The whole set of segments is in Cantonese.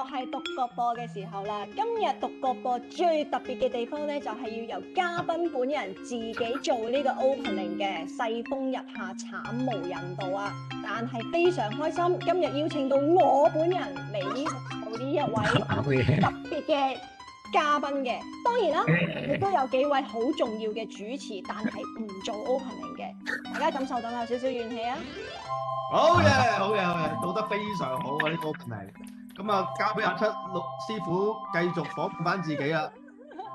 我係獨角播嘅時候啦，今日獨角播最特別嘅地方咧，就係要由嘉賓本人自己做呢個 opening 嘅。世風日下，慘無人道啊！但係非常開心，今日邀請到我本人嚟呢呢一位特別嘅嘉賓嘅。當然啦，亦都有幾位好重要嘅主持，但係唔做 opening 嘅。大家感受到有少少怨氣啊！好嘢，好嘢，好嘢，做得非常好啊！呢個 opening。咁啊，交俾阿七六師傅繼續保護翻自己啊。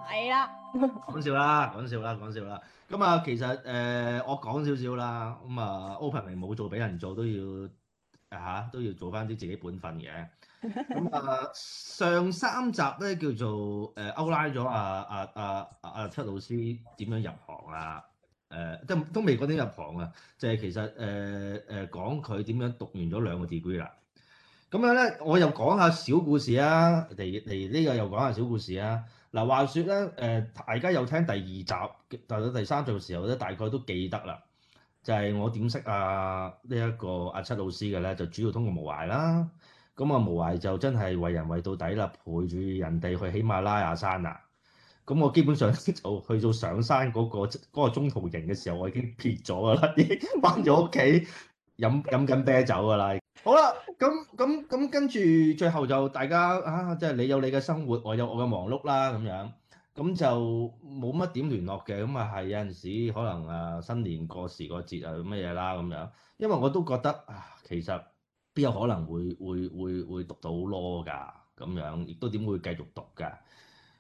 係啦 的。講笑啦，講笑啦，講笑啦。咁啊，其實誒、呃，我講少少啦。咁啊，open 平冇做俾人做，都要嚇、啊、都要做翻啲自己本分嘅。咁啊，上三集咧叫做誒勾拉咗阿阿阿阿七老師點樣入行啊？誒、呃，都都未嗰啲入行啊，即、就、係、是、其實誒誒、呃、講佢點樣讀完咗兩個 degree 啦。咁樣咧，我又講下小故事啊，嚟嚟呢個又講下小故事啊。嗱、啊，話說咧，誒、呃、大家有聽第二集，到第三集嘅時候咧，大概都記得啦。就係、是、我點識阿呢一個阿、啊、七老師嘅咧，就主要通過無懷啦。咁、嗯、啊，無懷就真係為人為到底啦，陪住人哋去喜馬拉雅山啊。咁、嗯、我基本上就去到上山嗰、那個那個中途營嘅時候，我已經撇咗噶啦，已經翻咗屋企飲飲緊啤酒噶啦。好啦，咁咁咁跟住，最後就大家啊，即係你有你嘅生活，我有我嘅忙碌啦，咁樣，咁就冇乜點聯絡嘅，咁啊係有陣時可能啊，新年過時過節啊乜嘢啦咁樣，因為我都覺得啊，其實邊有可能會會會會讀到囉㗎，咁樣，亦都點會繼續讀㗎？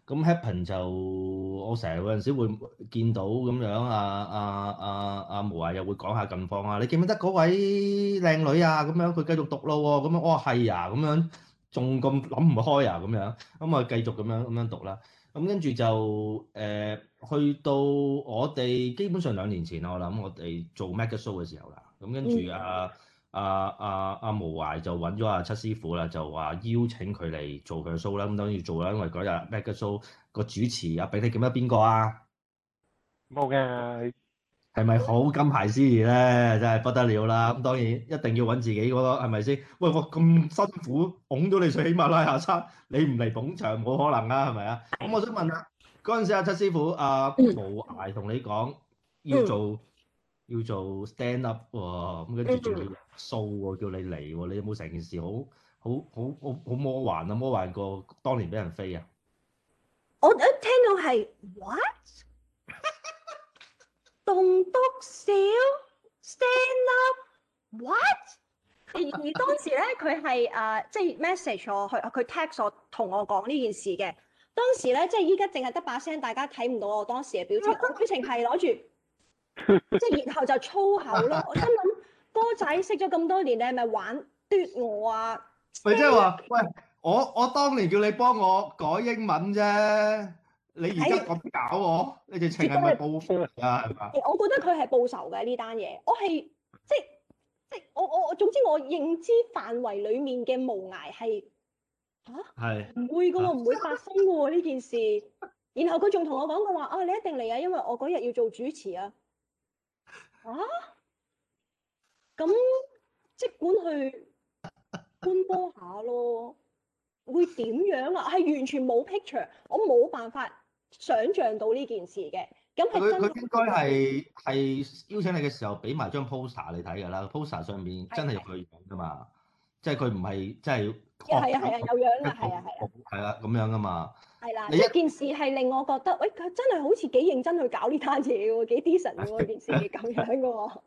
咁 happen 就我成日有陣時會見到咁樣啊啊啊啊無涯又會講下近況啊，你記唔記得嗰位靚女啊？咁樣佢繼續讀咯喎，咁樣哦，係呀，咁樣仲咁諗唔開呀咁樣，咁、哦、啊繼續咁樣咁、啊、樣，樣，樣，樣，樣讀啦。咁跟住就誒、呃、去到我哋基本上兩年前，我諗我哋做 Mega Show 嘅時候啦。咁跟住啊。嗯阿阿阿無懷就揾咗阿七師傅啦，就話邀請佢嚟做佢嘅 show 啦，咁當然要做啦，因為嗰日 Mega Show 個主持阿丙，你記得邊個啊？冇嘅，係咪好金牌司儀咧？真係不得了啦！咁當然一定要揾自己嗰、嗰個，係咪先？喂，我咁辛苦拱到你上喜馬拉雅山，你唔嚟捧場冇可能啦，係咪啊？咁我想問啊，嗰陣時阿、啊、七師傅阿毛、啊、懷同你講要做、嗯。要做 stand up，咁跟住仲要 show 叫你嚟喎，你有冇成件事好好好好好魔幻啊？魔幻過當年俾人飛啊！我一聽到係 what，棟篤笑動讀 stand up，what？而 而當時咧，佢係誒即係 message 我，佢佢 text 我同我講呢件事嘅。當時咧，即係依家淨係得把聲，大家睇唔到我當時嘅表情， 我表情係攞住。即係 然後就粗口咯，我心諗，哥仔識咗咁多年，你係咪玩咄我啊？咪即係話喂，我我當年叫你幫我改英文啫，你而家咁搞我，哎、你哋情係咪報復啊？係嘛？吧我覺得佢係報仇嘅呢單嘢，我係即係即係我我我總之我認知範圍裏面嘅無涯係吓，係、啊、唔是會噶喎，唔、啊、會發生噶喎呢件事。然後佢仲同我講過話啊，你一定嚟啊，因為我嗰日要做主持啊。吓？咁即管去觀波下咯，會點樣啊？係完全冇 picture，我冇辦法想像到呢件事嘅。咁佢佢應該係係邀請你嘅時候俾埋張 poster 你睇㗎啦，poster 上面真係有佢樣㗎嘛。即係佢唔係，即係係啊係啊，是是是是有樣啊係啊係啊，係啦咁樣噶嘛。係啦的，你一件事係令我覺得，喂、哎、佢真係好似幾認真去搞呢單嘢喎，幾 decent 嘅件事咁樣噶喎。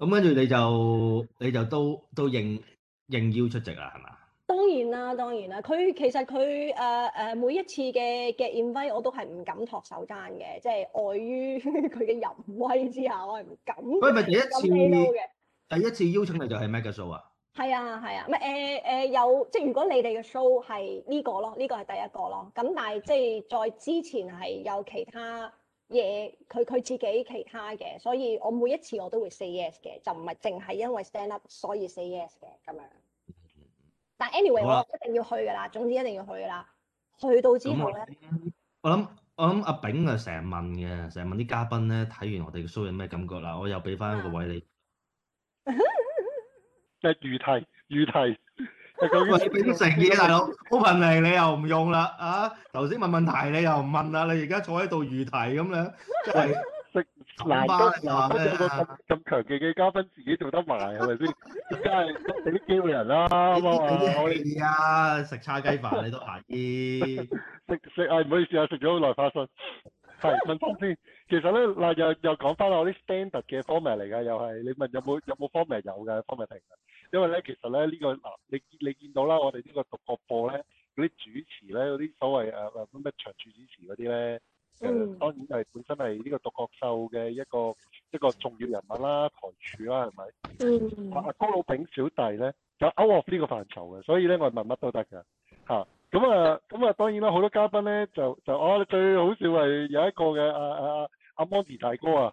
咁跟住你就你就都都應應邀出席啊，係嘛？當然啦，當然啦。佢其實佢誒誒每一次嘅嘅 invite 我都係唔敢托手踭嘅，即係礙於佢嘅淫威之下，我係唔敢。喂，唔係第一次，嘅？第一次邀請你就係 Mega Show 啊？係啊，係啊，咪、呃、誒、呃、有，即係如果你哋嘅 show 係呢個咯，呢個係第一個咯。咁但係即係在之前係有其他嘢，佢佢自己其他嘅，所以我每一次我都會 say yes 嘅，就唔係淨係因為 stand up 所以 say yes 嘅咁樣。但 anyway，啊、我一定要去㗎啦，總之一定要去㗎啦。去到之後咧，我諗我諗阿炳啊成日問嘅，成日問啲嘉賓咧睇完我哋嘅 show 有咩感覺啦，我又俾翻一個位你。 即係余題余題，就咁話你俾啲誠意啊，大佬。open 嚟你又唔用啦啊！頭先問問題你又唔問啦，你而家坐喺度余題咁樣，食難都難咧。咁咁強勁嘅嘉賓自己做得埋係咪先？而家係俾啲機會人啦，好嘛？唔好意思啊，食叉雞飯你都閒啲。食食唉唔好意思啊，食咗好耐發信。係問翻先，其實咧嗱又又講翻我啲 standard 嘅 format 嚟噶，又係你問有冇有冇 format 有嘅 format。因為咧，其實咧呢個嗱，你見你見到啦，我哋呢個獨角播咧嗰啲主持咧，嗰啲所謂誒誒乜乜長駐主持嗰啲咧，誒、嗯、當然係本身係呢個獨角秀嘅一個一個重要人物啦、啊，台柱啦、啊，係咪？嗯。阿高老丙小弟咧，就 out of 呢個範疇嘅，所以咧我問乜都得㗎吓。咁啊咁啊，啊當然啦，好多嘉賓咧就就哦、啊，最好笑係有一個嘅阿、啊、阿阿、啊、阿、啊啊、Monty 大哥啊。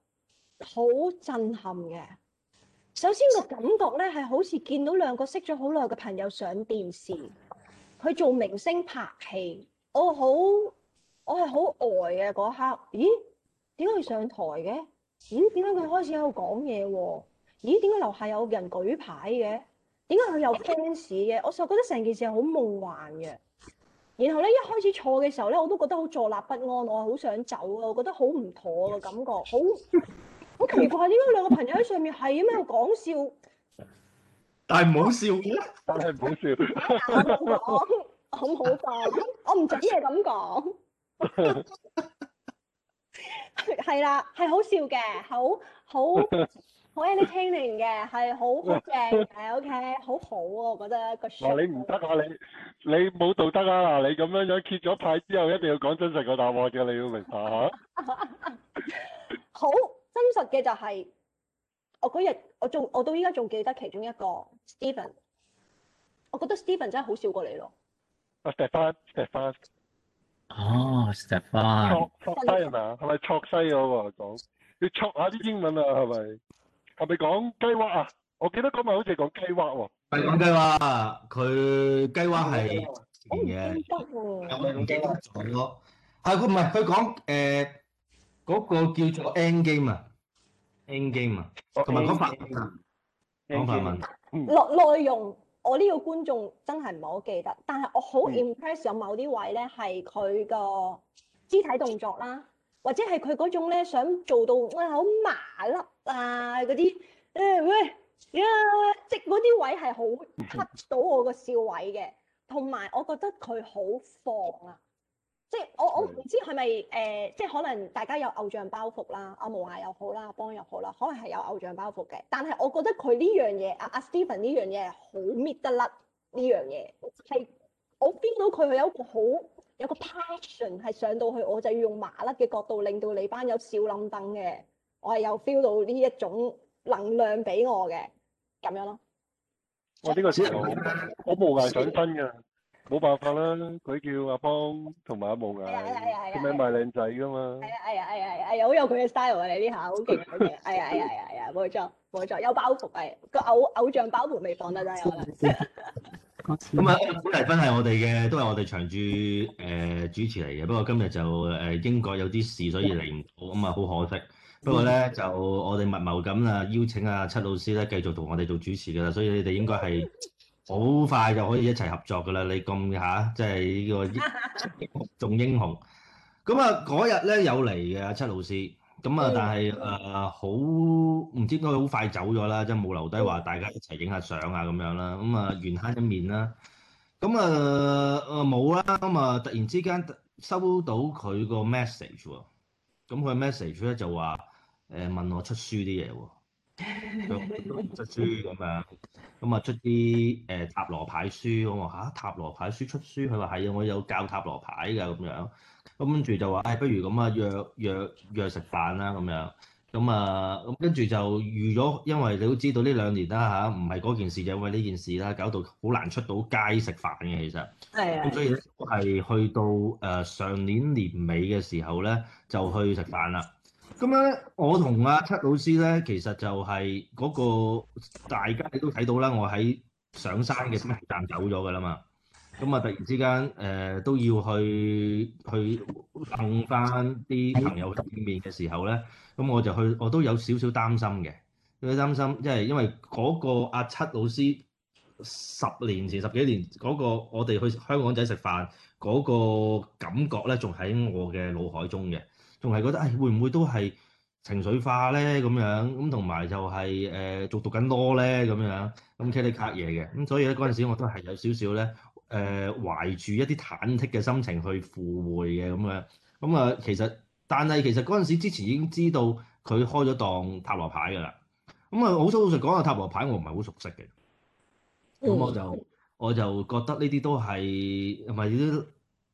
好震撼嘅。首先個感覺咧，係好似見到兩個識咗好耐嘅朋友上電視，佢做明星拍戲。我好，我係好呆嘅嗰刻。咦？點解佢上台嘅？咦？點解佢開始喺度講嘢？咦？點解樓下有人舉牌嘅？點解佢有 fans 嘅？我就覺得成件事係好夢幻嘅。然後咧，一開始坐嘅時候咧，我都覺得好坐立不安。我好想走啊！我覺得好唔妥嘅感覺，好。好奇怪，點解兩個朋友喺上面係咁樣講笑？但係唔好笑，但係唔好笑。唔好講，唔好講，我唔準嘢咁講。係啦，係好笑嘅，好好好 entertaining 嘅，係好正嘅，OK，好好啊，我覺得一個。嗱，你唔得啊，你你冇道德啊！嗱，你咁樣樣揭咗牌之後，一定要講真實個答案嘅，你要明白吓。好。真實嘅就係，我嗰日我仲我到依家仲記得其中一個 Stephen，我覺得 Stephen 真係好笑過你咯，oh, Stephen。啊 Stephen，Stephen，哦 Stephen。錯錯西係咪？係咪錯西嗰個講？要錯下啲英文啊？係咪？係咪講雞挖啊？我記得嗰晚好似係講雞挖喎。係講雞挖，佢雞挖係嘅。有冇記得咗？係佢唔係佢講誒。是不是不嗰個叫做 End game 啊，End game 啊，同埋講法文啊，講法文。內 End game, 內容我呢個觀眾真係唔係好記得，但係我好 impress 有某啲位咧，係佢個肢體動作啦，或者係佢嗰種咧想做到餵好麻甩啊嗰啲，誒喂，即嗰啲位係好 cut 到我個笑位嘅，同埋我覺得佢好放啊！即係我我唔知係咪誒，即係可能大家有偶像包袱啦，阿、啊、無牙又好啦，邦、啊、又好啦，可能係有偶像包袱嘅。但係我覺得佢呢樣嘢，阿阿 Stephen 呢樣嘢係好搣得甩呢樣嘢，係我 feel 到佢係有一個好有個 passion 係上到去，我就要用麻甩嘅角度令到你班有笑冧凳嘅。我係有 feel 到呢一種能量俾我嘅咁樣咯。我呢個時候，我無涯想分㗎。冇辦法啦，佢叫阿邦同埋阿毛，佢名、哎哎、賣靚仔噶嘛。係啊、哎，係、哎、啊，係、哎、啊，係啊，好有佢嘅 style 啊！你呢下好勁啊！係啊，係啊、 哎，係、哎、啊，冇錯，冇錯，有包袱係個偶偶像包袱未放得低啊！咁啊，本麗芬係我哋嘅，都係我哋長住誒、呃、主持嚟嘅。不過今日就誒、呃、英國有啲事，所以嚟唔到，咁啊好可惜。不過咧就我哋密謀咁啊，邀請阿七老師咧繼續同我哋做主持噶啦，所以你哋應該係。 好快就可以一齊合作㗎喇！你咁吓，即係呢個仲英雄咁啊！嗰日咧有嚟嘅阿七老師，咁啊，但係誒好唔知點解佢好快走咗啦，即係冇留低話大家一齊影下相啊咁樣啦，咁啊，緣慳一面啦。咁啊冇啦，咁啊突然之間收到佢個 message 喎，咁佢 message 咧就話誒問我出書啲嘢喎，出書咁樣。咁啊出啲誒塔羅牌書，我話嚇塔羅牌書出書，佢話係啊，我有教塔羅牌噶咁樣，咁跟住就話誒、哎，不如咁啊約約約食飯啦咁樣，咁啊咁跟住就預咗，因為你都知道呢兩年啦嚇，唔係嗰件事就因為呢件事啦，搞到好難出到街食飯嘅其實，係啊的，咁所以係去到誒上年年尾嘅時候咧，就去食飯啦。咁咧，我同阿七老師咧，其實就係嗰、那個大家亦都睇到啦。我喺上山嘅中途站走咗㗎啦嘛。咁啊，突然之間誒、呃、都要去去碰翻啲朋友見面嘅時候咧，咁我就去，我都有少少擔心嘅。有啲擔心，因為因為嗰個阿七老師十年前十幾年嗰、那個我哋去香港仔食飯嗰、那個感覺咧，仲喺我嘅腦海中嘅。仲係覺得，唉、哎，會唔會都係情緒化咧？咁樣咁同埋就係誒，仲讀緊 law 咧咁樣，咁扯啲 cut 嘢嘅。咁、呃、所以咧嗰陣時我都係有少少咧，誒、呃，懷住一啲忐忑嘅心情去赴會嘅咁樣。咁啊，其實，但係其實嗰陣時之前已經知道佢開咗檔塔羅牌噶啦。咁啊，好早老實講啊，塔羅牌我唔係好熟悉嘅。咁我就我就覺得呢啲都係唔係啲。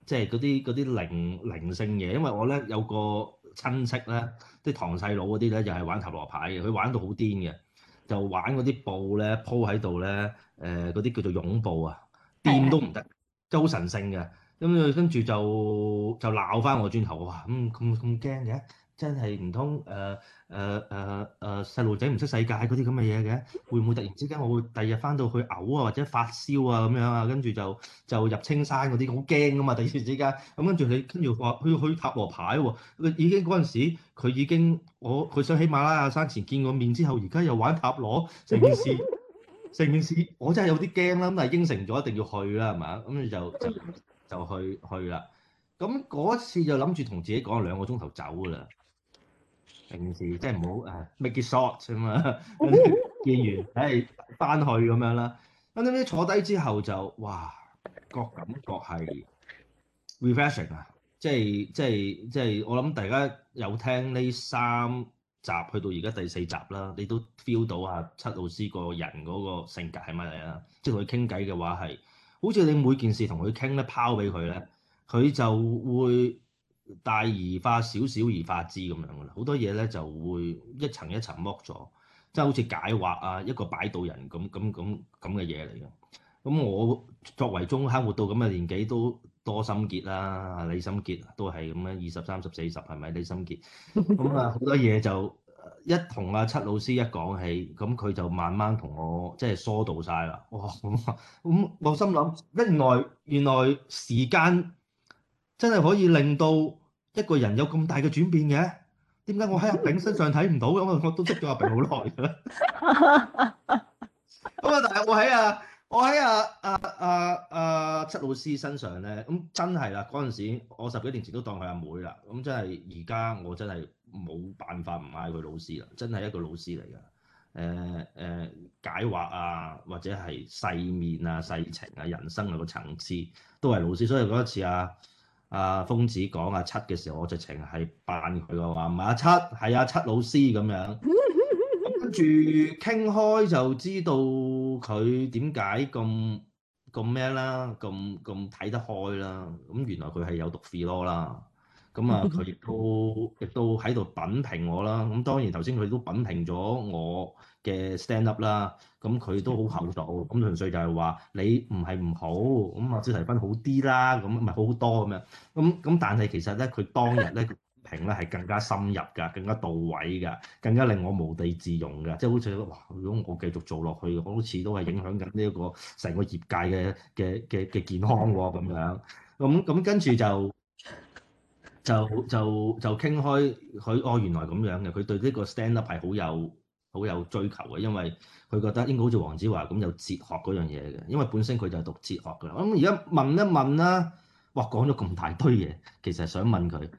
即係嗰啲啲靈靈性嘢，因為我咧有個親戚咧，啲堂細佬嗰啲咧就係玩塔羅牌嘅，佢玩到好癲嘅，就玩嗰啲布咧鋪喺度咧，誒嗰啲叫做絨布啊，掂都唔得，即係好神聖嘅，咁、嗯、跟住就就鬧返我轉頭，我話咁咁驚嘅。嗯真係唔通誒誒誒誒細路仔唔識世界嗰啲咁嘅嘢嘅，會唔會突然之間我會第二日翻到去嘔啊，或者發燒啊咁樣啊，跟住就就入青山嗰啲好驚㗎嘛！突然、啊、之間咁、嗯、跟住佢跟住去去去塔羅牌喎、啊，已經嗰陣時佢已經我佢想喜馬拉雅山前見過面之後，而家又玩塔羅，成件事成件事，件事我真係有啲驚啦！咁但係應承咗一定要去啦、啊，係嘛？咁、嗯、就就就，就去去啦。咁嗰次就諗住同自己講兩個鐘頭走噶啦。平時即係唔好誒，make it short 啫嘛，見完，唉， 翻去咁樣啦。咁點知坐低之後就，哇，個感覺係 refreshing 啊！即係即係即係，我諗大家有聽呢三集，去到而家第四集啦，你都 feel 到啊，七老師個人嗰個性格係乜嚟啊？即係同佢傾偈嘅話係，好似你每件事同佢傾咧，拋俾佢咧，佢就會，大而化小，小而化之咁樣噶啦，好多嘢咧就會一層一層剝咗，即係好似解惑啊，一個擺渡人咁咁咁咁嘅嘢嚟嘅。咁我作為中坑，活到咁嘅年紀都多心結啦，李心結都係咁咧，二十三十四十係咪李心結？咁啊，好多嘢就一同阿七老師一講起，咁佢就慢慢同我即係疏導晒啦。哇！咁 我心諗，原來原來時間，真係可以令到一個人有咁大嘅轉變嘅，點解我喺阿炳身上睇唔到嘅？因為 我都識咗阿炳好耐啦。咁啊，但係我喺啊，我喺啊，啊，啊，啊，七老師身上咧，咁真係啦。嗰陣時我十幾年前都當佢阿妹啦。咁真係而家我真係冇辦法唔嗌佢老師啦。真係一個老師嚟噶。誒、呃、誒、呃、解惑啊，或者係世面啊、世情啊、人生嗰、啊嗰個層次都係老師。所以嗰一次啊。阿、啊、峰子講阿、啊、七嘅時候，我就直情扮佢嘅話，唔係阿七，係阿、啊、七老師咁樣。跟住傾開就知道佢點解咁咁咩啦，咁咁睇得開啦。咁原來佢係有讀 Philo 啦。咁啊，佢亦都亦都喺度品評我啦。咁當然頭先佢都品評咗我。嘅 stand up 啦，咁佢都好厚道，咁純粹就係話你唔係唔好，咁阿史提芬好啲啦，咁唔係好多咁樣，咁咁但係其實咧，佢當日咧評咧係更加深入㗎，更加到位㗎，更加令我無地自容㗎，即係好似哇，如果我繼續做落去，好似都係影響緊呢一個成個業界嘅嘅嘅嘅健康喎，咁樣，咁咁跟住就就就就傾開佢，哦原來咁樣嘅，佢對呢個 stand up 係好有，好有追求嘅，因為佢覺得應該好似黃子華咁有哲學嗰樣嘢嘅，因為本身佢就係讀哲學㗎。咁而家問一問啦，啊，哇講咗咁大堆嘢，其實想問佢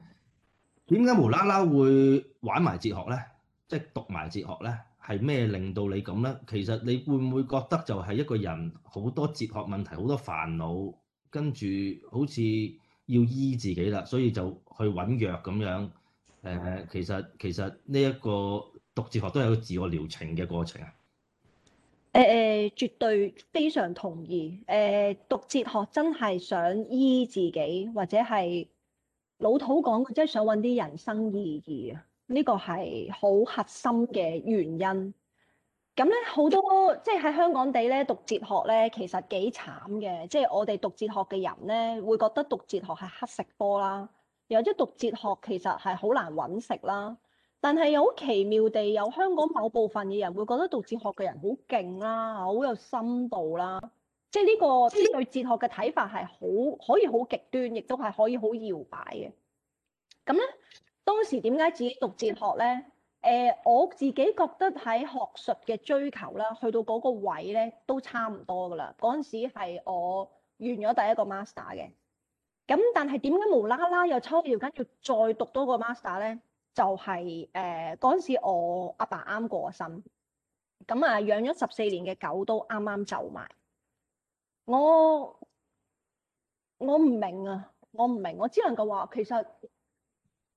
點解無啦啦會玩埋哲學咧，即係讀埋哲學咧，係咩令到你咁咧？其實你會唔會覺得就係一個人好多哲學問題，好多煩惱，跟住好似要醫自己啦，所以就去揾藥咁樣。誒，其實其實呢一個。讀哲學都有個自我療程嘅過程啊！誒誒、呃，絕對非常同意。誒、呃，讀哲學真係想醫自己，或者係老土講嘅，即、就、係、是、想揾啲人生意義啊！呢、這個係好核心嘅原因。咁咧好多即係喺香港地咧讀哲學咧，其實幾慘嘅。即、就、係、是、我哋讀哲學嘅人咧，會覺得讀哲學係乞食科啦，又或者讀哲學其實係好難揾食啦。但係又好奇妙地，有香港某部分嘅人會覺得讀哲學嘅人好勁啦，好有深度啦、啊。即係呢個對哲學嘅睇法係好，可以好極端，亦都係可以好搖擺嘅。咁咧，當時點解自己讀哲學咧？誒、呃，我自己覺得喺學術嘅追求啦，去到嗰個位咧都差唔多㗎喇。嗰陣時係我完咗第一個 Master 嘅。咁但係點解無啦啦又抽時間要再讀多個 Master 咧？就係誒嗰陣時我爸爸剛剛、啊剛剛，我阿爸啱過身，咁啊養咗十四年嘅狗都啱啱走埋。我我唔明啊，我唔明，我只能夠話其實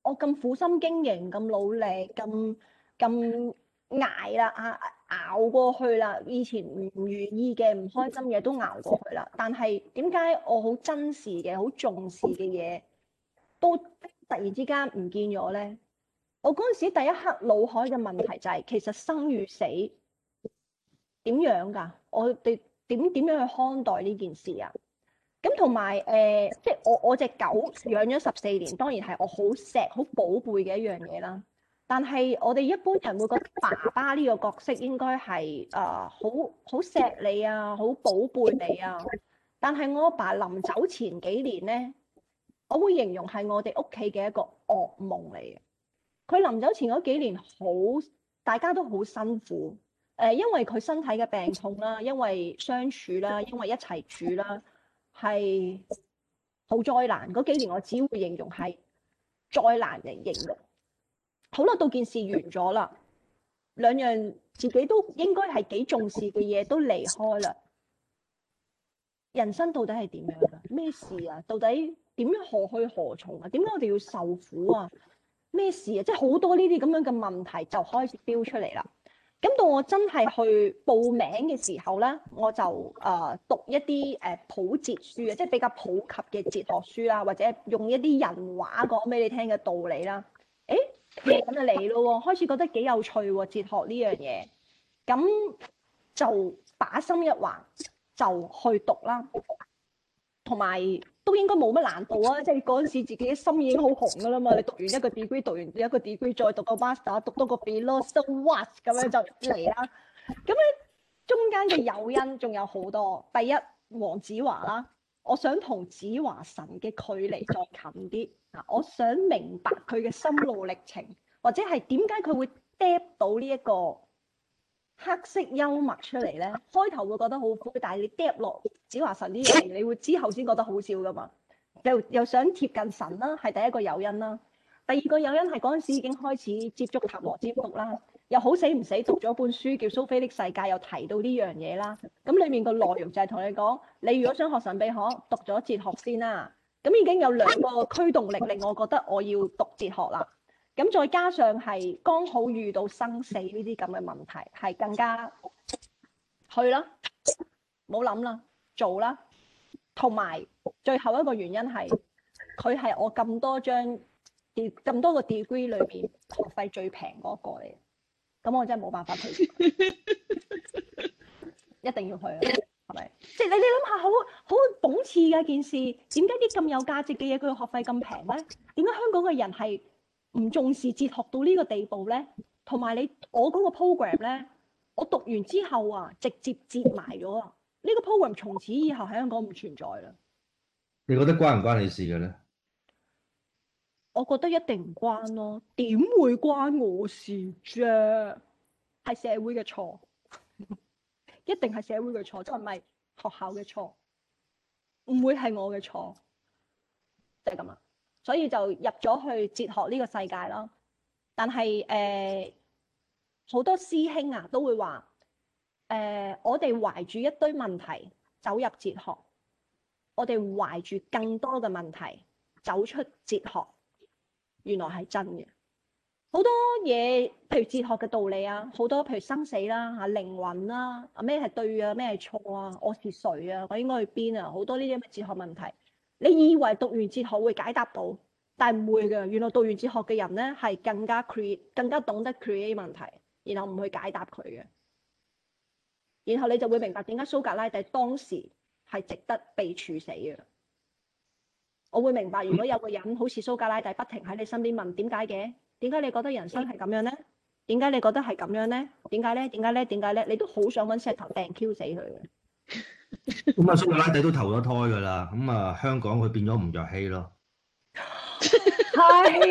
我咁苦心經營，咁努力，咁咁捱啦啊，熬過去啦。以前唔願意嘅、唔開心嘅都熬過去啦。但係點解我好珍視嘅、好重視嘅嘢都突然之間唔見咗咧？我嗰陣時第一刻腦海嘅問題就係、是，其實生與死點樣㗎？我哋點點樣去看待呢件事啊？咁同埋誒，即、呃、係、就是、我我隻狗養咗十四年，當然係我好錫、好寶貝嘅一樣嘢啦。但係我哋一般人會覺得爸爸呢個角色應該係誒好好錫你啊，好寶貝你啊。但係我阿爸，爸臨走前幾年咧，我會形容係我哋屋企嘅一個噩夢嚟嘅。佢臨走前嗰幾年好，大家都好辛苦。誒、呃，因為佢身體嘅病痛啦，因為相處啦，因為一齊住啦，係好災難嗰幾年，我只會形容係災難嚟形容。好啦，到件事完咗啦，兩樣自己都應該係幾重視嘅嘢都離開啦。人生到底係點樣？咩事啊？到底點樣何去何從啊？點解我哋要受苦啊？咩事啊？即係好多呢啲咁樣嘅問題就開始飆出嚟啦。咁到我真係去報名嘅時候咧，我就誒、呃、讀一啲誒普哲書啊，即係比較普及嘅哲學書啦，或者用一啲人話講俾你聽嘅道理啦。誒，咁就嚟咯喎，開始覺得幾有趣喎，哲學呢樣嘢。咁就把心一橫，就去讀啦。同埋。都應該冇乜難度啊！即係嗰陣時自己心已經好紅㗎啦嘛，你讀完一個 degree，讀完一個 degree，再讀個 master，讀多個 bachelor，so what，咁樣就嚟啦。咁樣中間嘅誘因仲有好多。第一，黃子華啦，我想同子華神嘅距離再近啲啊！我想明白佢嘅心路歷程，或者係點解佢會 drop 到呢一個黑色幽默出嚟咧，開頭會覺得好苦，但係你嗒落子華神呢樣嘢，你會之後先覺得好笑噶嘛？又又想貼近神啦、啊，係第一個誘因啦、啊。第二個誘因係嗰陣時已經開始接觸塔羅哲學啦，又好死唔死讀咗本書叫《蘇菲的世界》，又提到呢樣嘢啦。咁裏面個內容就係同你講，你如果想學神秘學，讀咗哲學先啦、啊。咁已經有兩個驅動力令我覺得我要讀哲學啦。咁再加上係剛好遇到生死呢啲咁嘅問題，係更加去啦，冇諗啦，做啦。同埋最後一個原因係佢係我咁多張咁多個 degree 裏邊學費最平嗰一個嚟，咁我真係冇辦法，去， 一定要去，係咪？即係你你諗下，好好諷刺嘅一件事，點解啲咁有價值嘅嘢佢學費咁平咧？點解香港嘅人係唔重視哲學到呢個地步咧，同埋你我嗰個 program 咧，我讀完之後啊，直接摺埋咗啊！呢個 program 從此以後喺香港唔存在啦。你覺得關唔關你事嘅咧？我覺得一定唔關咯，點會關我事啫？係社會嘅錯， 一定係社會嘅錯，就唔係學校嘅錯，唔會係我嘅錯，就係咁啊！所以就入咗去哲學呢個世界啦，但係誒好多師兄啊都會話誒、呃、我哋懷住一堆問題走入哲學，我哋懷住更多嘅問題走出哲學，原來係真嘅。好多嘢，譬如哲學嘅道理啊，好多譬如生死啦、啊、吓靈魂啦，咩係對啊，咩係錯啊，我是誰啊，我應該去邊啊，好多呢啲哲學問題。你以為讀完哲學會解答到，但唔會嘅。原來讀完哲學嘅人咧，係更加 create，更加懂得 create 問題，然後唔去解答佢嘅。然後你就會明白點解蘇格拉底當時係值得被處死嘅。我會明白，如果有個人好似蘇格拉底，不停喺你身邊問點解嘅，點解你覺得人生係咁樣咧？點解你覺得係咁樣咧？點解咧？點解咧？點解咧？你都好想搵石頭掟 Q 死佢嘅。咁啊，蘇格拉底都投咗胎噶啦，咁啊，香港佢變咗吳若希咯。係、哎、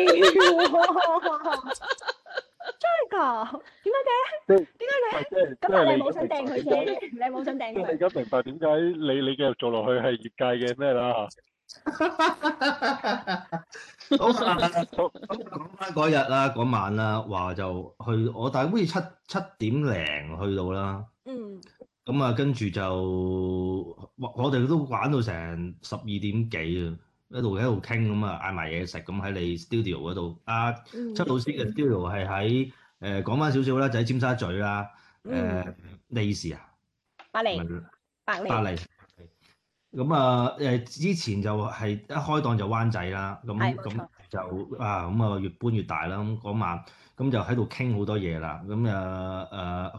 真係噶？點解嘅？點解你？今日、嗯、你冇想掟佢嘅？你冇想掟佢？咁你而家明白點解你你繼續做落去係業界嘅咩啦？好啊，咁講翻嗰日啦，嗰晚啦，話就去我，大約好似七七點零去到啦。嗯。咁啊，嗯嗯、跟住就我哋都玩到成十二點幾啊，一路喺度傾咁啊，嗌埋嘢食咁喺你 studio 嗰度。啊，七老師嘅 studio 係喺誒、嗯呃、講翻少少啦，就喺尖沙咀啦。誒、呃，咩、嗯、意思啊？百利，百利。咁啊，誒之、嗯嗯嗯、前就係一開檔就灣仔啦。咁咁。是就啊咁啊、嗯、越搬越大啦，咁嗰晚咁、嗯、就喺度傾好多嘢啦，咁啊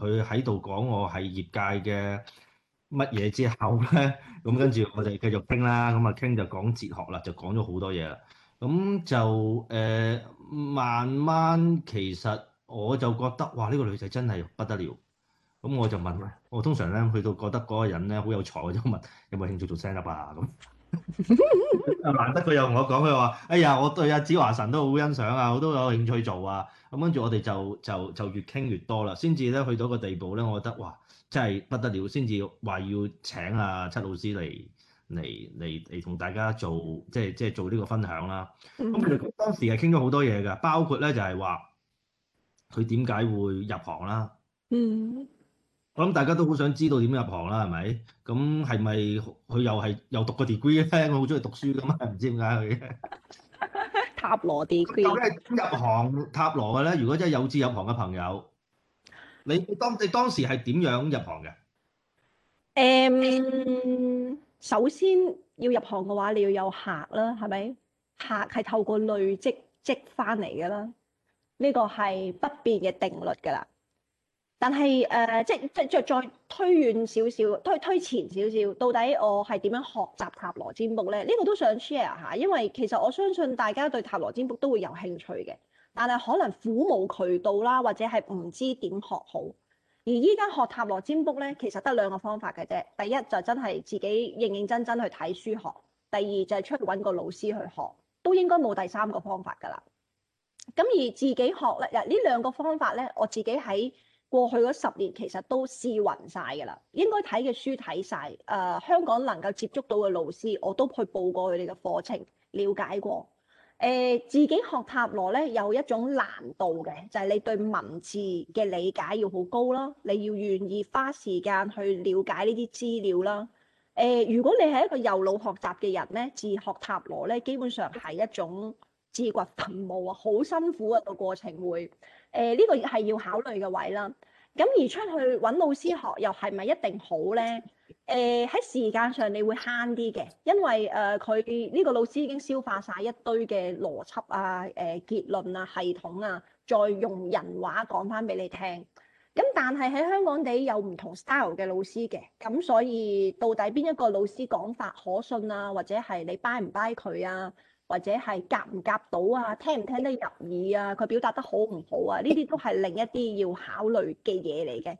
誒佢喺度講我係業界嘅乜嘢之後咧，咁、嗯、跟住我哋繼續傾啦，咁啊傾就講哲學啦，就講咗好多嘢啦，咁就誒、呃、慢慢其實我就覺得哇，呢、呢個女仔真係不得了。咁、嗯、我就問我通常咧，去到覺得嗰個人咧好有才，我就問有冇興趣做 sales 啊咁。嗯 難得佢又同我講，佢話：哎呀，我對阿子華神都好欣賞啊，我都有興趣做啊。咁跟住我哋就就就越傾越多啦，先至咧去到個地步咧，我覺得哇，真係不得了，先至話要請阿七老師嚟嚟嚟嚟，同大家做，即係即係做呢個分享啦、啊。咁佢哋當時係傾咗好多嘢噶，包括咧就係話佢點解會入行啦、啊。嗯我諗大家都好想知道點入行啦，係咪？咁係咪佢又係又讀個 degree 咧？ 我好中意讀書噶嘛，唔知點解佢塔羅 degree 的。入行 塔羅嘅咧？如果真係有志入行嘅朋友，你當你當時係點樣入行嘅？誒、嗯，首先要入行嘅話，你要有客啦，係咪？客係透過累積積翻嚟嘅啦，呢、呢個係不變嘅定律噶啦。但係誒、呃，即即再再推遠少少，推推前少少，到底我係點樣學習塔羅占卜咧？呢、呢個都想 share 下，因為其實我相信大家對塔羅占卜都會有興趣嘅。但係可能苦無渠道啦，或者係唔知點學好。而依家學塔羅占卜咧，其實得兩個方法嘅啫。第一就真係自己認認真真去睇書學，第二就係出去揾個老師去學，都應該冇第三個方法㗎啦。咁而自己學咧，嗱呢兩個方法咧，我自己喺～過去嗰十年其實都試勻晒㗎啦，應該睇嘅書睇晒，誒、呃、香港能夠接觸到嘅老師我都去報過佢哋嘅課程，了解過。誒、呃、自己學塔羅咧有一種難度嘅，就係、是、你對文字嘅理解要好高咯，你要願意花時間去了解呢啲資料啦。誒、呃、如果你係一個右腦學習嘅人咧，自學塔羅咧基本上係一種自掘墳墓啊，好辛苦啊個過程會。誒呢個係要考慮嘅位啦，咁而出去揾老師學又係咪一定好呢？誒、呃、喺時間上你會慳啲嘅，因為誒佢呢個老師已經消化晒一堆嘅邏輯啊、誒、呃、結論啊、系統啊，再用人話講翻俾你聽。咁但係喺香港地有唔同 style 嘅老師嘅，咁所以到底邊一個老師講法可信啊，或者係你 buy 唔 buy 佢啊？或者係夾唔夾到啊，聽唔聽得入耳啊，佢表達得好唔好啊？呢啲都係另一啲要考慮嘅嘢嚟嘅。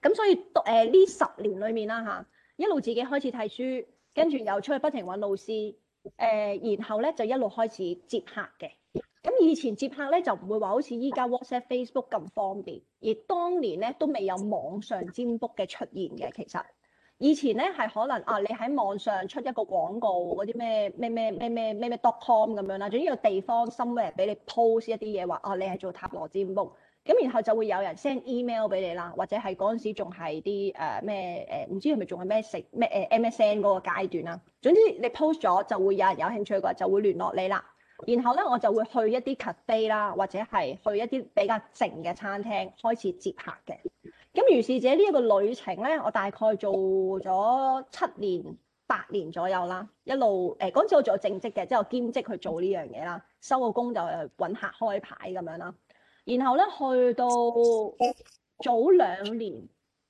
咁所以誒呢、呃、十年裏面啦嚇、啊，一路自己開始睇書，跟住又出去不停揾老師誒、呃，然後咧就一路開始接客嘅。咁以前接客咧就唔會話好似依家 WhatsApp、Facebook 咁方便，而當年咧都未有網上占卜嘅出現嘅，其實。以前咧係可能啊，你喺網上出一個廣告，嗰啲咩咩咩咩咩咩 dotcom 咁樣啦，總之個地方 somewhere 俾你 post 一啲嘢，話、啊、哦你係做塔羅占卜，咁然後就會有人 send email 俾你啦，或者係嗰陣時仲係啲誒咩誒唔知係咪仲係咩食咩誒、呃、MSN 嗰個階段啦，總之你 post 咗就會有人有興趣嘅就會聯絡你啦，然後咧我就會去一啲 cafe 啦，或者係去一啲比較靜嘅餐廳開始接客嘅。咁如是者呢一個旅程咧，我大概做咗七年八年左右啦，一路誒嗰陣時我做正職嘅，即係我兼職去做呢樣嘢啦，收個工就揾客開牌咁樣啦。然後咧去到早兩年，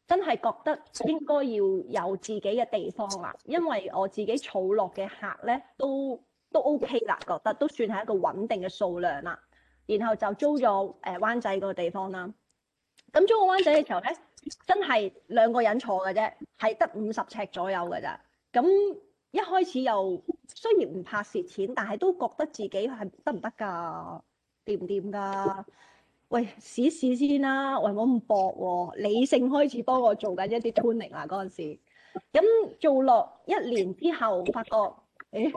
真係覺得應該要有自己嘅地方啦，因為我自己儲落嘅客咧都都 OK 啦，覺得都算係一個穩定嘅數量啦。然後就租咗誒、呃、灣仔嗰個地方啦。咁中澳灣仔嘅時候咧，真係兩個人坐嘅啫，係得五十尺左右嘅咋。咁一開始又雖然唔怕蝕錢，但係都覺得自己係得唔得㗎，掂唔掂㗎？喂，試試先啦、啊，唔好咁搏喎、啊。理性開始幫我做緊一啲 training 啊嗰陣時。咁做落一年之後，發覺，誒、欸。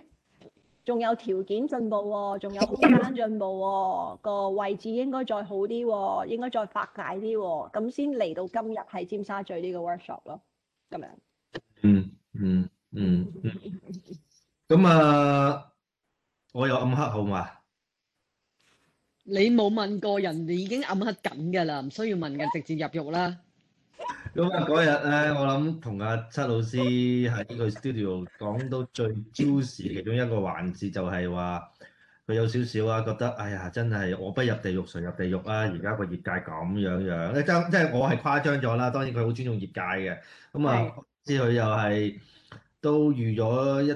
仲有條件進步喎，仲有空間進步喎，個位置應該再好啲喎，應該再發解啲喎，咁先嚟到今日喺尖沙咀呢個 workshop 咯，咁樣。嗯嗯嗯。咁啊，我有暗黑好嘛？你冇問過人哋，已經暗黑緊㗎啦，唔需要問嘅，直接入獄啦。咁啊，嗰日咧，我諗同阿七老師喺呢個 studio 講到最 juicy，其中一個環節就係話佢有少少啊，覺得哎呀，真係我不入地獄誰入地獄啊！而家個業界咁樣樣，即即係我係誇張咗啦。當然佢好尊重業界嘅，咁啊，即係佢又係都預咗一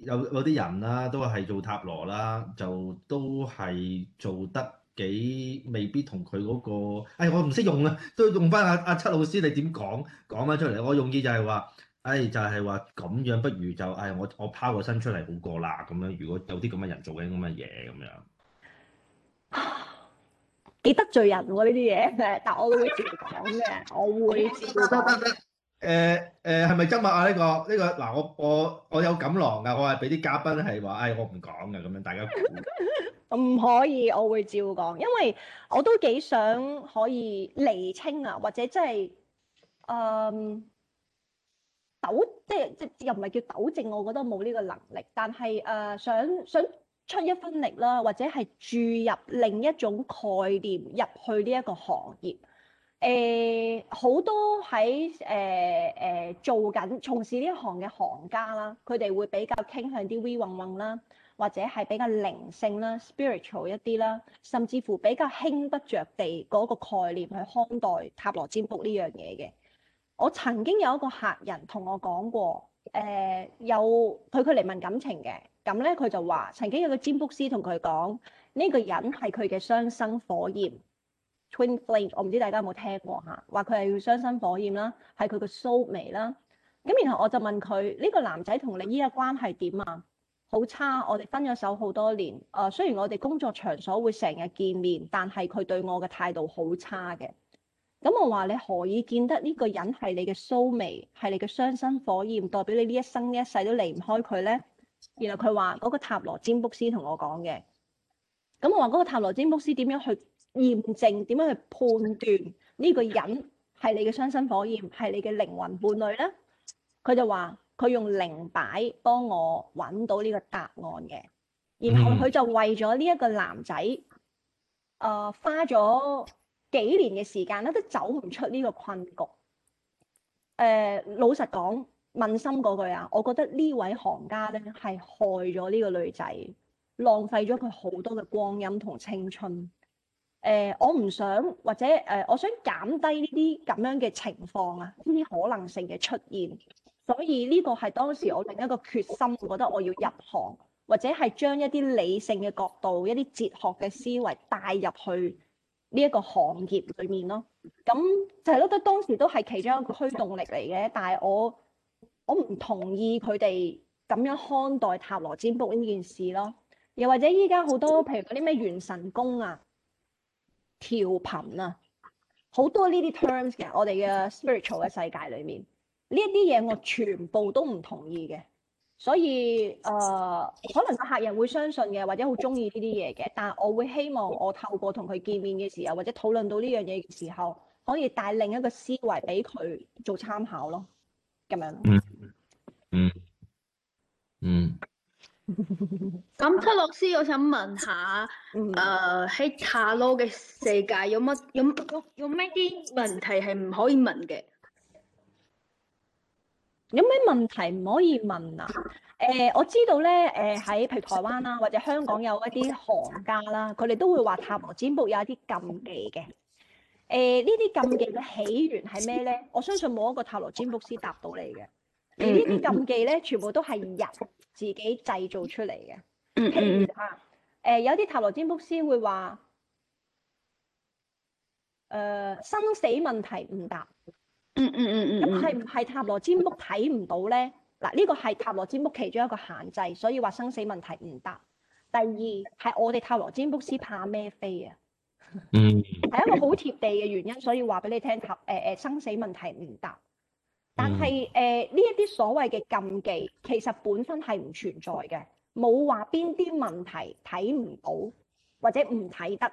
啲有有啲人啦，都係做塔羅啦，就都係做得。幾未必同佢嗰、那個，哎，我唔識用啊，都要用翻阿阿七老師你點講講翻出嚟。我用意就係話，哎，就係話咁樣，不如就，哎，我我拋個身出嚟好過啦，咁樣。如果有啲咁嘅人做緊咁嘅嘢，咁樣幾得罪人喎呢啲嘢。但我會直講嘅，我會。得得得，係咪今日啊？呢個呢個嗱，我我我有錦囊噶，我係俾啲嘉賓係話，哎，我唔講嘅咁樣，大家。 唔可以，我會照講，因為我都幾想可以釐清啊，或者即係，嗯，糾即即又唔係叫糾正，我覺得冇呢個能力，但係誒、呃、想想出一分力啦，或者係注入另一種概念入去呢一個行業。誒、呃、好多喺誒誒做緊從事呢一行嘅行家啦，佢哋會比較傾向啲 win win 啦。或者係比較靈性啦、spiritual 一啲啦，甚至乎比較輕不着地嗰個概念去看待塔羅占卜呢樣嘢嘅。我曾經有一個客人同我講過，誒、呃、有佢佢嚟問感情嘅，咁咧佢就話曾經有個占卜師同佢講，呢、呢個人係佢嘅雙生火焰 （twin flame），我唔知大家有冇聽過嚇，話佢係要雙生火焰啦，係佢個蘇眉啦。咁然後我就問佢，呢、呢個男仔同你依家關係點啊？好差，我哋分咗手好多年。誒，雖然我哋工作場所會成日見面，但係佢對我嘅態度好差嘅。咁我話你何以見得呢個人係你嘅蘇眉，係你嘅雙生火焰，代表你呢一生一世都離唔開佢咧？然後佢話嗰個塔羅占卜師同我講嘅。咁我話嗰個塔羅占卜師點樣去驗證，點樣去判斷呢個人係你嘅雙生火焰，係你嘅靈魂伴侶咧？佢就話。佢用靈擺幫我揾到呢個答案嘅，然後佢就為咗呢一個男仔，誒、呃、花咗幾年嘅時間咧，都走唔出呢個困局。誒、呃，老實講，問心嗰句啊，我覺得呢位行家咧係害咗呢個女仔，浪費咗佢好多嘅光陰同青春。誒、呃，我唔想或者誒、呃，我想減低呢啲咁樣嘅情況啊，呢啲可能性嘅出現。所以呢個係當時我另一個決心，我覺得我要入行，或者係將一啲理性嘅角度、一啲哲學嘅思維帶入去呢一個行業裏面咯。咁就係覺得當時都係其中一個驅動力嚟嘅。但係我我唔同意佢哋咁樣看待塔羅占卜呢件事咯。又或者依家好多譬如嗰啲咩元神功啊、調頻啊，好多呢啲 terms 其實我哋嘅 spiritual 嘅世界裏面。呢一啲嘢我全部都唔同意嘅，所以誒、呃，可能個客人會相信嘅，或者好中意呢啲嘢嘅，但係我會希望我透過同佢見面嘅時候，或者討論到呢樣嘢嘅時候，可以帶另一個思維俾佢做參考咯，咁樣嗯嗯嗯。咁七老師，我想問,問下誒，喺塔羅嘅世界，有乜有有有咩啲問題係唔可以問嘅？有咩問題唔可以問啊？誒、呃，我知道咧，誒、呃、喺譬如台灣啦，或者香港有一啲行家啦，佢哋都會話塔羅占卜有一啲禁忌嘅。誒、呃，呢啲禁忌嘅起源係咩咧？我相信冇一個塔羅占卜師答到你嘅。呢、呃、啲禁忌咧，全部都係人自己製造出嚟嘅。嗯嗯、呃。譬如吓，有啲塔羅占卜師會話，誒、呃、生死問題唔答。嗯嗯嗯嗯，咁係唔係塔羅占卜睇唔到咧？嗱，呢個係塔羅占卜其中一個限制，所以話生死問題唔答。第二係我哋塔羅占卜師怕咩飛啊？嗯，係一個好貼地嘅原因，所以話俾你聽塔誒誒、呃、生死問題唔答。但係誒呢一啲所謂嘅禁忌，其實本身係唔存在嘅，冇話邊啲問題睇唔到或者唔睇得。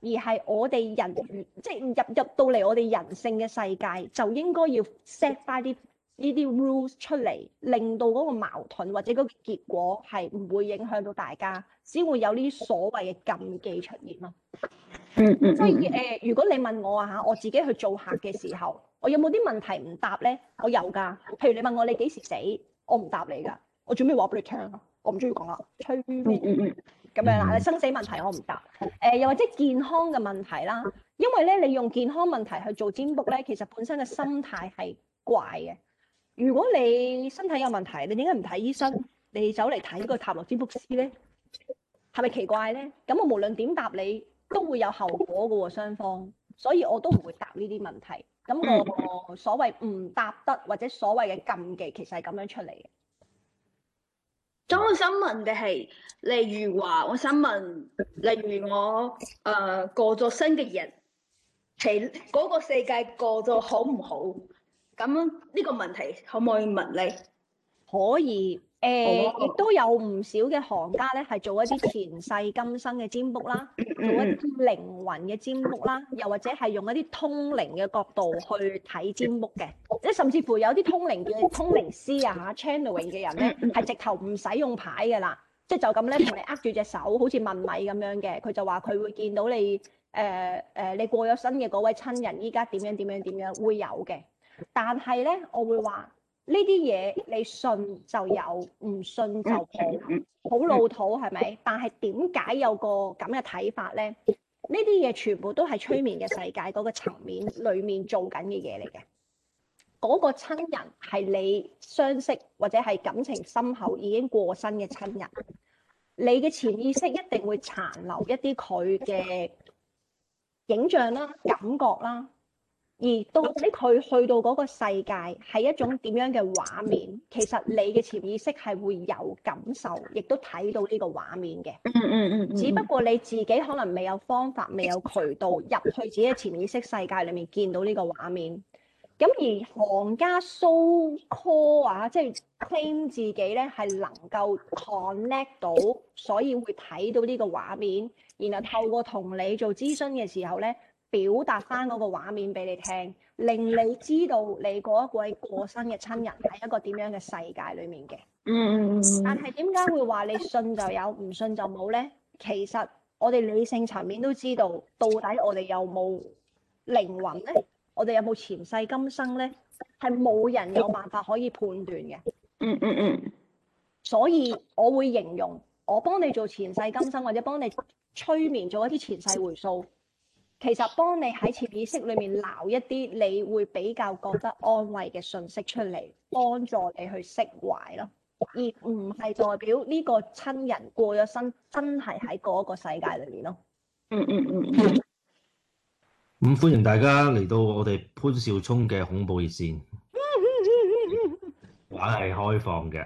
而係我哋人，即係入入到嚟我哋人性嘅世界，就應該要 set 翻啲呢啲 rules 出嚟，令到嗰個矛盾或者嗰個結果係唔會影響到大家，先會有呢啲所謂嘅禁忌出現咯。嗯嗯。 即係，誒，如果你問我啊吓，我自己去做客嘅時候，我有冇啲問題唔答咧？我有噶。譬如你問我你幾時死，我唔答你噶。我做咩話俾你聽啊？我唔中意講啦。嗯嗯嗯。咁樣啦，生死問題我唔答。誒、呃，又或者健康嘅問題啦，因為咧你用健康問題去做占卜咧，其實本身嘅心態係怪嘅。如果你身體有問題，你點解唔睇醫生，你走嚟睇個塔羅占卜師咧，係咪奇怪咧？咁我無論點答你，都會有後果㗎喎，雙方。所以我都唔會答呢啲問題。咁我所謂唔答得，或者所謂嘅禁忌，其實係咁樣出嚟嘅。咁我想問嘅係，例如話，我想問，例如我誒、呃、過咗身嘅人，係嗰個世界過咗好唔好？咁呢個問題可唔可以問你？可以。誒，亦都有唔少嘅行家咧，係做一啲前世今生嘅占卜啦，做一啲靈魂嘅占卜啦，又或者係用一啲通靈嘅角度去睇占卜嘅，即係甚至乎有啲通靈嘅通靈師啊嚇 channeling 嘅人咧，係直頭唔使用牌㗎啦，即係就咁咧同你握住隻手，好似問米咁樣嘅，佢就話佢會見到你誒誒、呃，你過咗身嘅嗰位親人依家點樣點樣點樣，會有嘅。但係咧，我會話。呢啲嘢你信就有，唔信就好。好老土係咪？但係點解有個咁嘅睇法咧？呢啲嘢全部都係催眠嘅世界嗰個層面裏面做緊嘅嘢嚟嘅。嗰個親人係你相識或者係感情深厚已經過身嘅親人，你嘅潛意識一定會殘留一啲佢嘅影像啦，感覺啦。而到底佢去到嗰個世界係一種點樣嘅畫面？其實你嘅潛意識係會有感受，亦都睇到呢個畫面嘅。嗯嗯嗯。只不過你自己可能未有方法，未有渠道入去自己嘅潛意識世界裡面見到呢個畫面。咁而行家 so call 啊，即係 claim 自己咧係能夠 connect 到，所以會睇到呢個畫面，然後透過同你做諮詢嘅時候咧，表達翻嗰個畫面俾你聽，令你知道你嗰一位過身嘅親人喺一個點樣嘅世界裏面嘅。嗯嗯嗯。但係點解會話你信就有，唔信就冇咧？其實我哋理性層面都知道，到底我哋有冇靈魂咧？我哋有冇前世今生咧？係冇人有辦法可以判斷嘅。嗯嗯嗯。所以我會形容，我幫你做前世今生，或者幫你催眠做一啲前世回溯。其實幫你喺潛意識裏面鬧一啲，你會比較覺得安慰嘅信息出嚟，幫助你去釋懷咯，而唔係代表呢個親人過咗身，真係喺嗰個世界裏面咯、嗯。嗯嗯嗯。咁、嗯、 歡迎大家嚟到我哋潘少聰嘅恐怖熱線，玩 係開放嘅。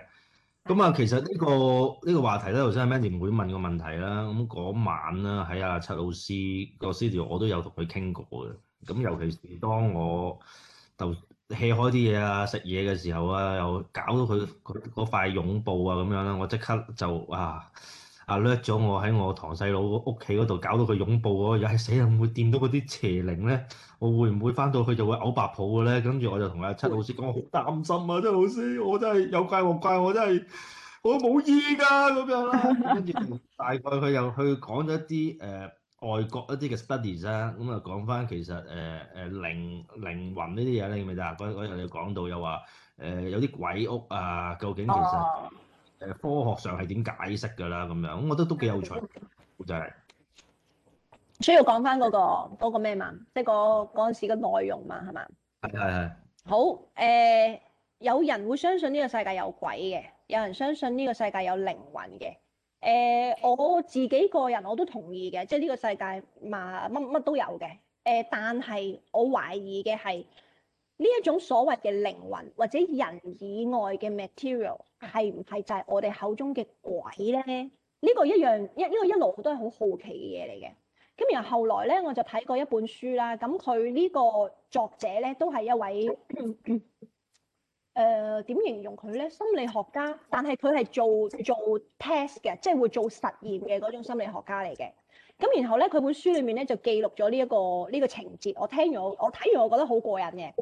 咁啊、嗯，其實呢、這個呢、這個話題咧，頭先阿 Mandy 唔會問個問題啦。咁、嗯、嗰晚咧，喺阿、啊、七老師、個 studio 我都有同佢傾過嘅。咁、嗯、尤其是當我就 hea 開啲嘢啊，食嘢嘅時候啊，又搞到佢佢嗰塊擁抱啊咁樣啦，我即刻就啊～啊！甩咗我喺我堂細佬屋企嗰度，搞到佢擁抱我，又係死人會掂到嗰啲邪靈咧，我會唔會翻到去就會嘔白泡嘅咧？跟住我就同阿七老師講，我好擔心啊！七老師，我真係有怪莫怪，我真係我冇意㗎咁樣啦。跟住大概佢又去講咗一啲誒、呃、外國一啲嘅 studies 啊，咁啊講翻其實誒誒靈靈魂呢啲嘢咧咁啊，嗰嗰日你講到又話誒、呃、有啲鬼屋啊，究竟其實、啊、～誒，科學上係點解釋㗎啦咁樣，咁我覺得都幾有趣，好，真係，需要講返嗰個嗰、嗰個咩嘛，即係嗰嗰陣時嘅內容嘛，係嘛？係係係。好，誒、呃，有人會相信呢個世界有鬼嘅，有人相信呢個世界有靈魂嘅。誒、呃，我自己個人我都同意嘅、呃，即係呢個世界嘛，乜乜都有嘅。誒、呃，但係我懷疑嘅係。呢一種所謂嘅靈魂或者人以外嘅 material 係唔係就係我哋口中嘅鬼咧？呢個一樣一呢個一路都係好好奇嘅嘢嚟嘅。咁然後後來咧，我就睇過一本書啦。咁佢呢個作者咧都係一位誒點、 呃、形容佢咧？心理學家，但係佢係做做 test 嘅，即係會做實驗嘅嗰種心理學家嚟嘅。咁然後咧，佢本書裏面咧就記錄咗呢一個呢個情節。我聽完我睇完，我覺得好過癮嘅。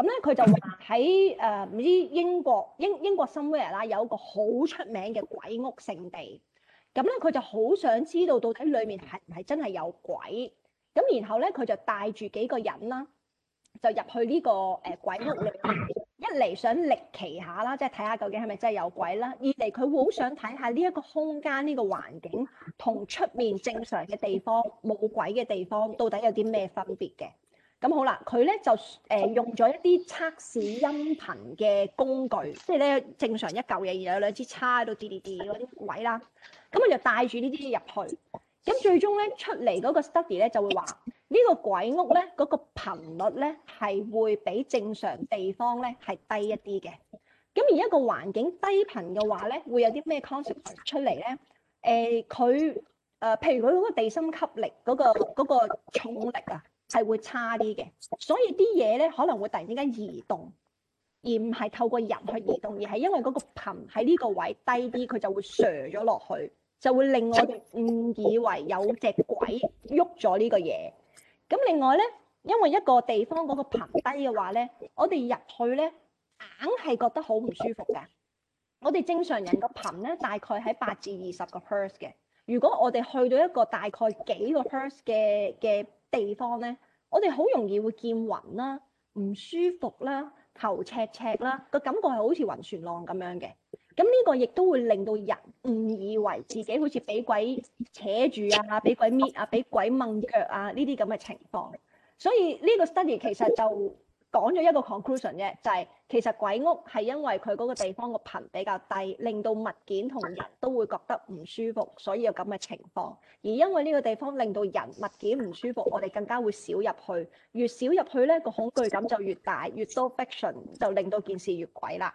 咁咧，佢就話喺誒唔知英國英英國 s o m e e rsomewhere 啦，有一個好出名嘅鬼屋聖地。咁咧，佢就好想知道到底裏面係唔係真係有鬼。咁然後咧，佢就帶住幾個人啦，就入去呢、這個呢個誒、呃、鬼屋裏。一嚟想力奇歷奇下啦，即係睇下究竟係咪真係有鬼啦。二嚟佢會好想睇下呢一個空間、呢、這個呢個環境同出面正常嘅地方冇鬼嘅地方到底有啲咩分別嘅。咁好啦，佢咧就誒、呃、用咗一啲測試音頻嘅工具，即係咧正常一嚿嘢有兩支叉喺度嘀嘀嘀嗰啲位啦，咁我就帶住呢啲嘢入去，咁最終咧出嚟嗰個 study 咧就會話呢、呢個鬼屋咧嗰、嗰個頻率咧係會比正常地方咧係低一啲嘅。咁而一個環境低頻嘅話咧，會有啲咩 concept 出嚟咧？誒、呃，佢誒、呃、譬如佢嗰個地心吸力嗰、嗰個嗰、嗰個重力啊。係會差啲嘅，所以啲嘢咧可能會突然之間移動，而唔係透過人去移動，而係因為嗰個頻喺呢個位低啲，佢就會跣咗落去，就會令我哋誤以為有隻鬼喐咗呢個嘢。咁另外咧，因為一個地方嗰個頻低嘅話咧，我哋入去咧硬係覺得好唔舒服嘅。我哋正常人個頻咧大概喺八至二十個 hertz 嘅。如果我哋去到一個大概幾個 hertz 嘅嘅地方咧，我哋好容易會見暈啦，唔舒服啦，頭赤赤啦，個感覺係好似暈船浪咁樣嘅。咁呢個亦都會令到人誤以為自己好似俾鬼扯住啊，俾鬼搣啊，俾鬼掹腳啊呢啲咁嘅情況。所以呢個 study 其實就，講咗一個 conclusion 啫，就係其實鬼屋係因為佢嗰個地方個頻比較低，令到物件同人都會覺得唔舒服，所以有咁嘅情況。而因為呢個地方令到人物件唔舒服，我哋更加會少入去。越少入去咧，個恐懼感就越大，越多 fiction 就令到件事越鬼啦。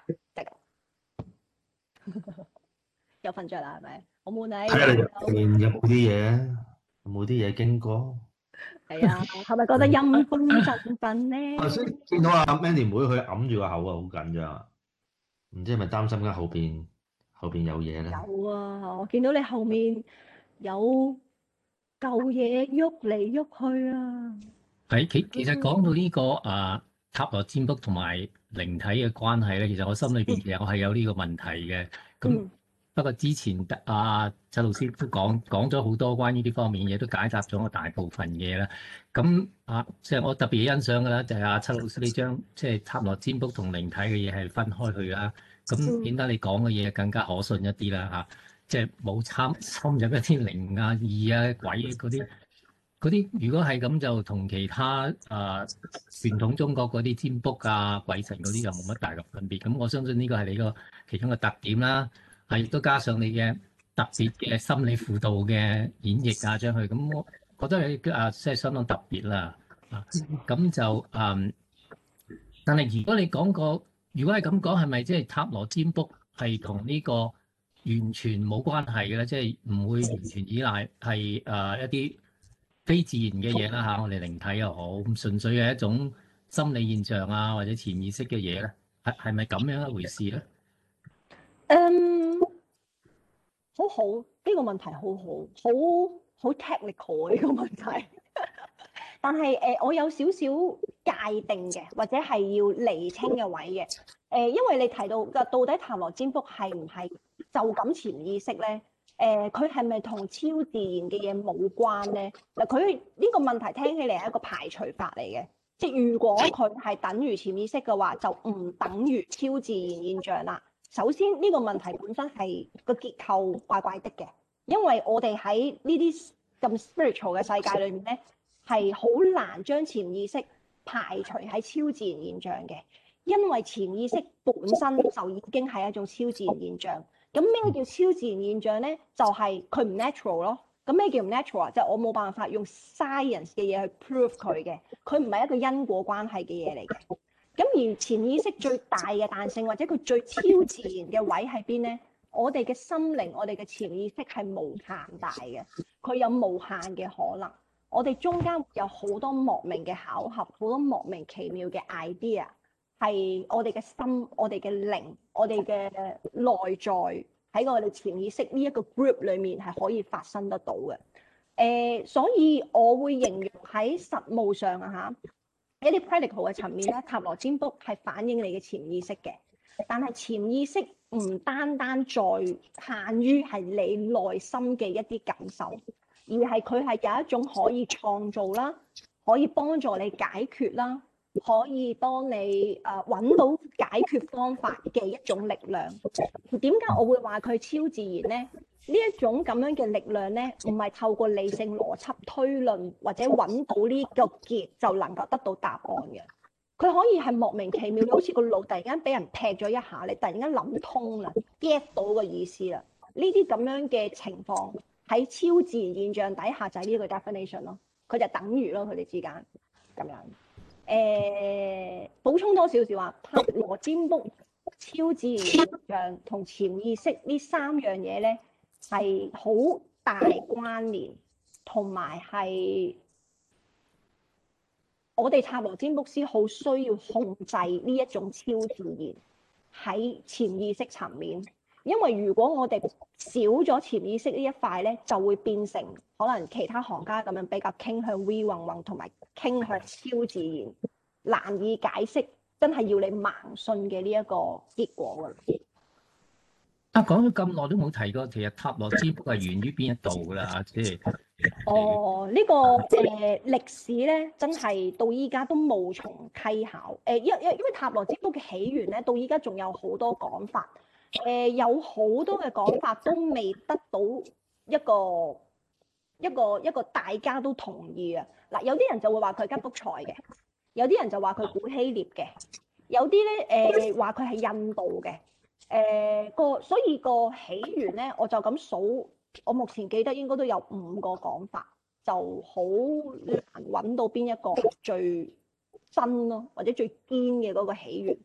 有瞓着啦，係咪？我冇睇入邊有冇啲嘢，有冇啲嘢經過？係 啊，係咪覺得陰風陣陣咧？頭先見到阿 Mandy 妹，佢揞住個口啊，好緊張，唔知係咪擔心緊後邊後邊有嘢咧？有啊，我見到你後面有舊嘢喐嚟喐去啊。係其 其實講到呢、這個啊塔羅占卜同埋靈體嘅關係咧，其實我心裏邊其實我係有呢個問題嘅咁。 不過之前阿七老師都講講咗好多關於呢方面嘢，都解答咗我大部分嘢啦。咁啊，即係我特別欣賞嘅啦，就係阿七老師你將即係塔羅占卜同靈體嘅嘢係分開去啦。咁顯得你講嘅嘢更加可信一啲啦嚇，即係冇參參入一啲靈啊、異啊、鬼嗰啲嗰啲。如果係咁就同其他啊傳統中國嗰啲占卜啊、鬼神嗰啲就冇乜大嘅分別。咁我相信呢個係你個其中嘅特點啦。係，亦都加上你嘅特別嘅心理輔導嘅演繹啊，將去，咁我覺得你啊，即係相當特別啦。啊，咁就嗯，但係如果你講個，如果係咁講，係咪即係塔羅占卜係同呢個完全冇關係嘅咧？即係唔會完全依賴係誒一啲非自然嘅嘢啦嚇，我哋靈體又好，咁純粹係一種心理現象啊，或者潛意識嘅嘢咧，係係咪咁樣一回事咧？嗯，um, 好好呢、這個、個問題，好好好好 technical 呢個問題。但係誒，我有少少界定嘅，或者係要釐清嘅位嘅。誒、呃，因為你提到嘅到底塔羅占卜係唔係就噉潛意識咧？誒、呃，佢係咪同超自然嘅嘢冇關咧？嗱，佢呢個問題聽起嚟係一個排除法嚟嘅，即係如果佢係等於潛意識嘅話，就唔等於超自然現象啦。首先呢個問題本身係個結構怪怪的嘅，因為我哋喺呢啲咁 spiritual 嘅世界裏面咧，係好難將潛意識排除喺超自然現象嘅，因為潛意識本身就已經係一種超自然現象。咁咩叫超自然現象咧？就係佢唔 natural 咯。咁咩叫唔 natural 啊？就係我冇辦法用 science 嘅嘢去 prove 佢嘅，佢唔係一個因果關係嘅嘢嚟嘅。咁而潛意識最大嘅彈性，或者佢最超自然嘅位喺邊咧？我哋嘅心靈，我哋嘅潛意識係無限大嘅，佢有無限嘅可能。我哋中間有好多莫名嘅巧合，好多莫名其妙嘅 idea，係我哋嘅心、我哋嘅靈、我哋嘅內在喺我哋潛意識呢一個 group 裏面係可以發生得到嘅。誒，所以我會形容喺實務上啊嚇。一啲 predict 嘅層面咧，塔羅占卜係反映你嘅潛意識嘅。但係潛意識唔單單在限於係你內心嘅一啲感受，而係佢係有一種可以創造啦，可以幫助你解決啦，可以幫你誒揾到解決方法嘅一種力量。點解我會話佢超自然咧？呢一種咁樣嘅力量咧，唔係透過理性邏輯推論或者揾到呢個結，就能夠得到答案嘅。佢可以係莫名其妙，好似個腦突然間俾人劈咗一下，你突然間諗通啦，get 到個意思啦。呢啲咁樣嘅情況喺超自然現象底下就係呢個 definition 咯。佢就等於咯，佢哋之間咁樣。誒、欸，補充多少少話，塔羅占卜、超自然現象同潛意識呢三樣嘢咧。係好大關聯，同埋係我哋塔羅占卜師好需要控制呢一種超自然喺潛意識層面。因為如果我哋少咗潛意識呢一塊咧，就會變成可能其他行家咁樣比較傾向 we 揾揾同埋傾向超自然、難以解釋，真係要你盲信嘅呢一個結果噶。啊，講咗咁耐都冇提過，其實塔羅占卜係源於邊一度㗎啦？即 係哦，呢、這個誒、呃、歷史咧，真係到依家都無從稽考。誒、呃，因因因為塔羅占卜嘅起源咧，到依家仲有好多講法。誒、呃，有好多嘅講法都未得到一個一個一個大家都同意啊！嗱、呃，有啲人就會話佢係吉卜賽嘅，有啲人就話佢古希臘嘅，有啲咧誒話佢係印度嘅。誒、個、呃、所以個起源咧，我就咁數，我目前記得應該都有五個講法，就好難搵到邊一個最真咯，或者最堅嘅嗰個起源。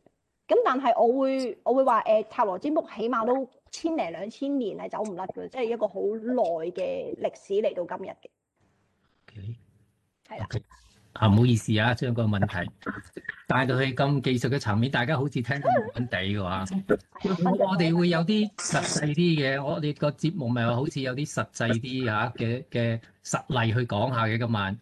咁但係我會我會話，誒、呃，塔羅占卜起碼都千零兩千年係走唔甩嘅，即、就、係、是、一個好耐嘅歷史嚟到今日嘅。係啦。啊，唔好意思啊，將個問題帶到去咁技術嘅層面，大家好似聽到懵懵地嘅話，嗯、我哋會有啲實際啲嘅，我哋個節目咪話好似有啲實際啲吓嘅嘅實例去講下嘅今晚。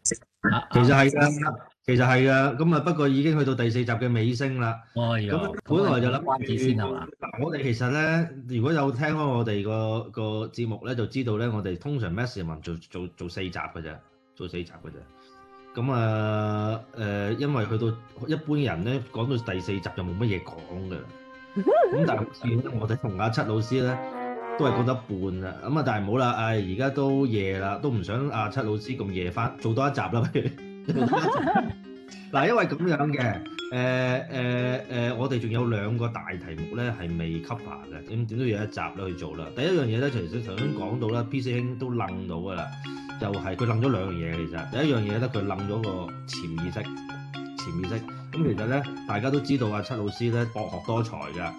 啊，啊其實係噶，其實係噶，咁啊，不過已經去到第四集嘅尾聲啦。哦、哎呦，咁本來就諗關子先係嘛。我哋其實咧，如果有聽開我哋、那個個節目咧，就知道咧，我哋通常 maximum、um、做做做四集嘅啫，做四集嘅啫。咁啊，誒，因為去到一般人咧，講到第四集就冇乜嘢講嘅啦。咁但係，我哋同阿七老師咧，都係講得一半啦。咁啊，但係冇啦，唉，而家都夜啦，都唔想阿七老師咁夜翻，做多一集啦。嗱，因為咁樣嘅，誒誒誒，我哋仲有兩個大題目咧係未 cover 嘅，咁點都要一集咧去做啦。第一樣嘢咧，其實頭先講到啦，P 四兄都愣到嘅啦。就係佢冧咗兩樣嘢，其實第一樣嘢咧，佢冧咗個潛意識、潛意識。咁其實咧，大家都知道阿七老師咧博學多才㗎，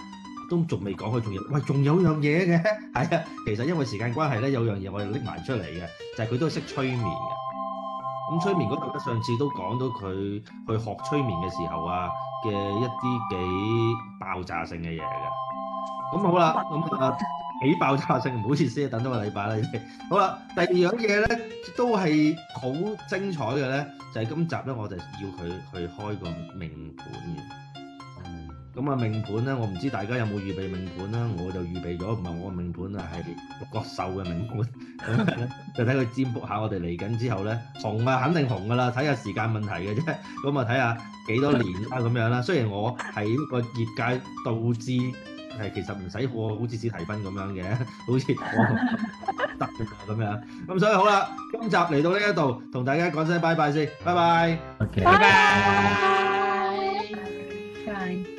都仲未講佢仲有，喂，仲有樣嘢嘅，係啊，其實因為時間關係咧，有樣嘢我哋拎埋出嚟嘅，就係、係、佢都識催眠嘅。咁催眠嗰度咧，上次都講到佢去學催眠嘅時候啊嘅一啲幾爆炸性嘅嘢嘅。咁好啦，咁啊。起爆炸聲，唔好意思，等多個禮拜啦。好啦，第二樣嘢咧都係好精彩嘅咧，就係、是、今集咧我就要佢去開個命盤嘅。咁、嗯、啊命盤咧，我唔知大家有冇預備命盤啦，我就預備咗，唔係我命盤啊，係六角獸嘅命盤， 就睇佢占卜下我哋嚟緊之後咧紅啊，肯定紅噶啦，睇下時間問題嘅啫。咁啊睇下幾多年啦咁樣啦。雖然我喺個業界導致，係，其實唔使貨，好似史提芬咁樣嘅，好似得咁樣。咁所以好啦，今集嚟到呢一度，同大家講聲拜拜先，拜拜！拜拜，拜拜 Okay.。